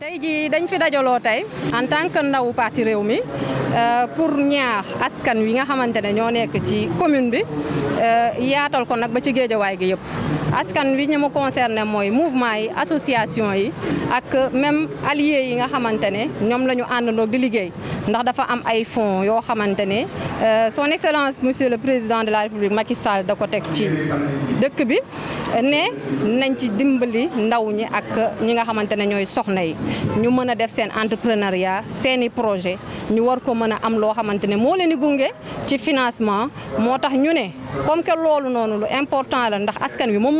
tey jii dañ fi dajaloo tey en tant que ndawu parti réew mi euh, pour ñaax askan wi nga xamante ne ñoo nekk ci commune bi euh, yaatal ko nag ba ci géejawaay gi yëpp askan wi ñu mu concerné mooy mouvement yi association yi ak même alliés yi nga xamantene ñom lañu la di liggéey ndax dafa am ay fonds yo xamantene ne euh, son excellence monsieur le président de la république Macky Sall da ko teg ci dëkk bi né nañ ci dimbali ndaw ñi ak ñi nga xamantene ñoy soxna yi ñu mëna def sen entrepreneuriat seeni projet ñu war ko mëna am lo xamantene mo moo leen di ci financement motax ñu né comme que lolu nonu lu important la ndax askan wi moom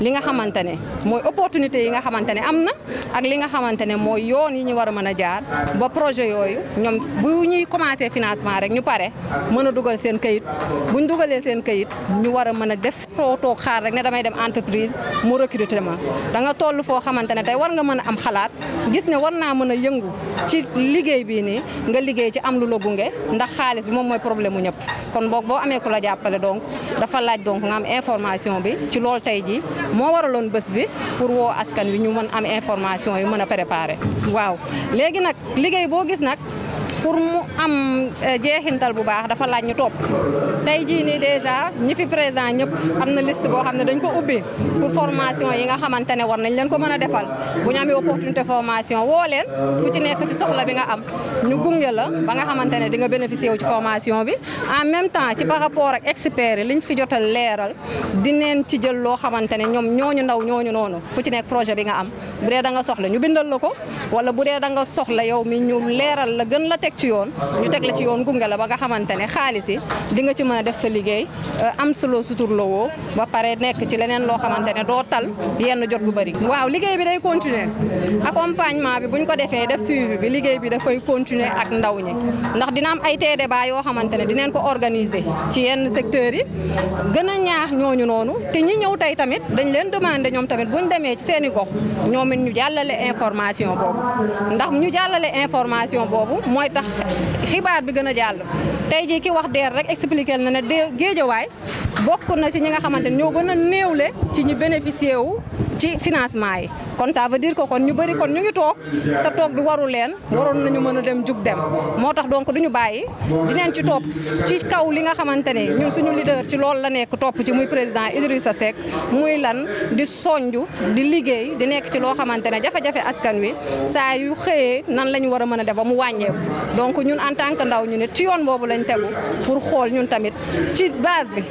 li nga xamante ne mooy opportunité yi nga xamante ne am na ak li nga xamante ne mooy yoon yi ñu war a mën a jaar ba projet yooyu ñoom bu ñuy commencé financement rek ñu pare mën a dugal seen kayit bu ñu dugalee seen kayit ñu war a mën a def too toog xaar rek ne damay dem entreprise mu recruter ma da nga toll foo xamante ne tey war nga mën a am xalaat gis ne war naa mën a yëngu ci liggéey bii nii nga liggéey ci am lu la gunge ndax xaalis bi moom mooy problème mu ñëpp kon boog boo amee ku la jàppale donc dafa bi ci loolu tey ji moo waraloon bés bi pour woo askan wi ñu mën am information yu mën a préparer waaw léegi nag liggéey boo gis nag pour mu am euh, jeexintal bu baax dafa laaj ñu topp tey jii nii déjà ñi fi présent ñëpp am na liste boo xam ne dañ ko ubbi pour formation yi nga xamante ne war nañ leen ko mën a defal bu ñu amee opportunité formation woo leen ku ci nekk ci soxla bi nga am ñu gunge la ba nga xamante ne di nga bénéficier wu ci formation bi en même temps ci par rapport ak experts yi liñ fi jotal leeral di dineen ci jël loo xamante ne ñoom ñooñu ndaw ñooñu noonu ku ci nekk projet bi nga am bu ci yoon ñu teg la ci yoon gunge la ba nga xamante ne xaalis yi di nga ci mën a def sa liggéey euh, am suloo suturlawoo ba pare nekk ci leneen loo xamante ne doo tal yenn jot gu bëri waaw liggéey bi day continuer accompagnement bi buñ ko defee def suivi bi liggéey bi dafay continuer ak ndaw ñi ndax dina am ay tee débat yoo xamante ne dineen ko organiser ci yenn secteurs yi gën a ñaax ñooñu noonu te ñu ñëw tey tamit dañ leen demander ñoom tamit buñ demee ci seeni i gox ñoom ñu jàllale information boobu xibaar bi gën a jàll. tey jii ki wax DER rek expliqué na ne waay bokk na ci ñi nga xamante ni ñoo gën a néewle ci ñu bénéficier wu ci financement yi kon ça veut dire ko kon ñu bëri kon ñu ngi toog te toog bi waru leen waroon nañu mën a dem jug dem moo tax donc duñu bàyyi di dineen ci topp ci kaw li nga xamante ne ñun suñu leader ci loolu la nekk topp ci muy président sa Seck muy lan di soñju di liggéey di nekk ci loo xamante ne jafe-jafe askan wi saa yu xëyee nan la ñu war a mën a def mu wàññeeku lañ tegu pour xool ñun tamit ci base bi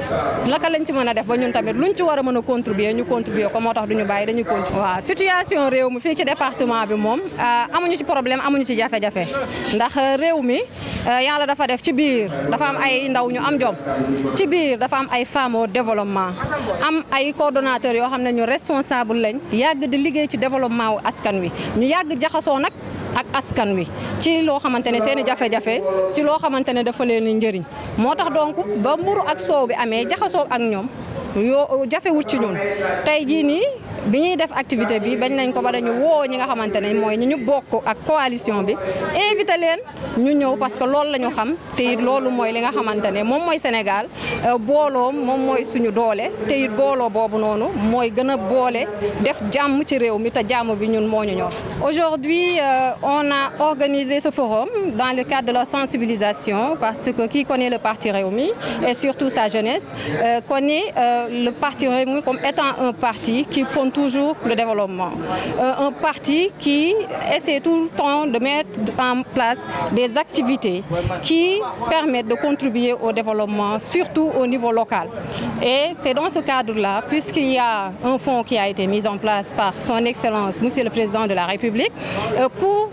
laka lañ ci mën a def ba ñun tamit lu ñu ci war a mën a contribuer ñu contribuer ko moo tax duñu bàyyi dañuy contribuer waaw situation réew mi fii ci département bi moom euh, amuñu ci problème amuñu ci jafe-jafe ndax euh, réew mi euh, yàlla dafa def ci biir dafa am ay ndaw ñu am jom ci biir dafa am ay femmes au am ay coordonnateurs yoo xam ne ñu responsable lañ yàgg di liggéey ci développement wu askan wi ñu yàgg jaxasoo nag ak askan wi ci loo xamante ne seen i jafe-jafe ci loo xamante ne dafa leen njëriñ moo tax donc ba mburu ak soow bi amee jaxasoo ak ñoom yoo jafewut ci ñun tey nii biñuy def activité bi bañ nañ ko ba dañu woo ñi nga xamante ne mooy ñu bokk ak coalition bi invité leen ñu ñëw parce que loolu la ñu xam te it loolu mooy li nga xamante ne moom mooy Sénégal euh, booloom moom mooy suñu doole te it booloo boobu noonu mooy gën a boole def jàmm ci réew mi te jàmm bi ñun moo ñu ñor. Aujourd'hui euh, on a organisé ce forum dans le cadre de la sensibilisation parce que qui connaît le parti Rewmi et surtout sa jeunesse euh, connaît le parti Rewmi comme étant un parti qui compte toujours le développement. Euh, un parti qui essaie tout le temps de mettre en place des activités qui permettent de contribuer au développement, surtout au niveau local. Et c'est dans ce cadre-là, puisqu'il y a un fonds qui a été mis en place par son Excellence, Monsieur le Président de la République, euh, pour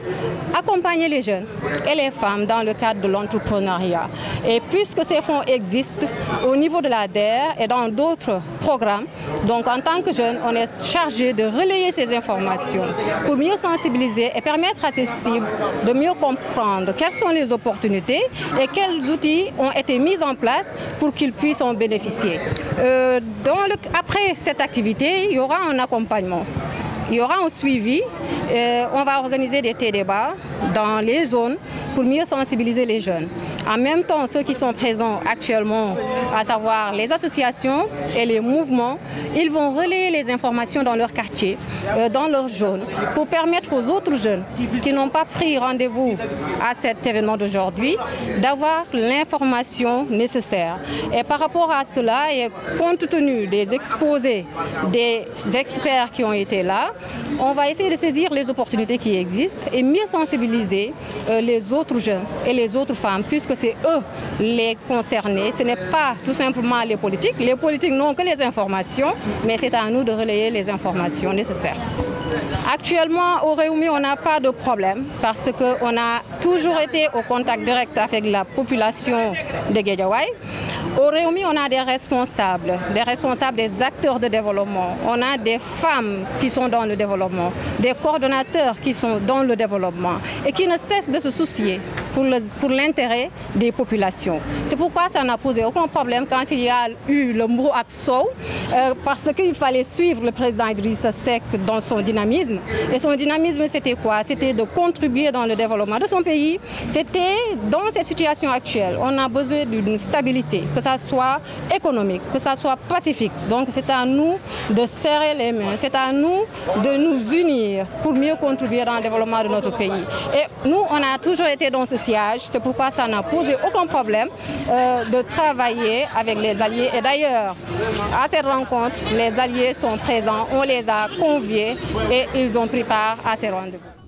accompagner les jeunes et les femmes dans le cadre de l'entrepreneuriat. Et puisque ces fonds existent au niveau de la DER et dans d'autres programmes, donc en tant que jeune, on est chargé de relayer ces informations pour mieux sensibiliser et permettre à ces cibles de mieux comprendre quelles sont les opportunités et quels outils ont été mis en place pour qu'ils puissent en bénéficier. Euh, après cette activité, il y aura un accompagnement. Il y aura un suivi. Euh, on va organiser des débats dans les zones pour mieux sensibiliser les jeunes. En même temps, ceux qui sont présents actuellement, à savoir les associations et les mouvements, ils vont relayer les informations dans leur quartier, euh, dans leur zone, pour permettre aux autres jeunes qui n'ont pas pris rendez-vous à cet événement d'aujourd'hui d'avoir l'information nécessaire. Et par rapport à cela, et compte tenu des exposés des experts qui ont été là, on va essayer de saisir les opportunités qui existent et mieux sensibiliser euh, les autres jeunes et les autres femmes, puisque c'est eux les concernés. Ce n'est pas tout simplement les politiques. Les politiques n'ont que les informations, mais c'est à nous de relayer les informations nécessaires. Actuellement, au Réumi, on n'a pas de problème parce qu'on a toujours été au contact direct avec la population de Guédiawaï. Au Réumi, on a des responsables, des responsables des acteurs de développement. On a des femmes qui sont dans le développement, des coordonnateurs qui sont dans le développement et qui ne cessent de se soucier pour l'intérêt des populations. C'est pourquoi ça n'a posé aucun problème quand il y a eu le mot Axo, euh, parce qu'il fallait suivre le président Idrissa Seck dans son dynamisme. Et son dynamisme, c'était quoi C'était de contribuer dans le développement de son pays. C'était dans cette situation actuelle, on a besoin d'une stabilité, que ça soit économique, que ça soit pacifique. Donc c'est à nous de serrer les mains, c'est à nous de nous unir pour mieux contribuer dans le développement de notre pays. Et nous, on a toujours été dans ce c'est pourquoi ça n'a posé aucun problème euh, de travailler avec les alliés. Et d'ailleurs, à cette rencontre, les alliés sont présents, on les a conviés et ils ont pris part à ces rendez-vous.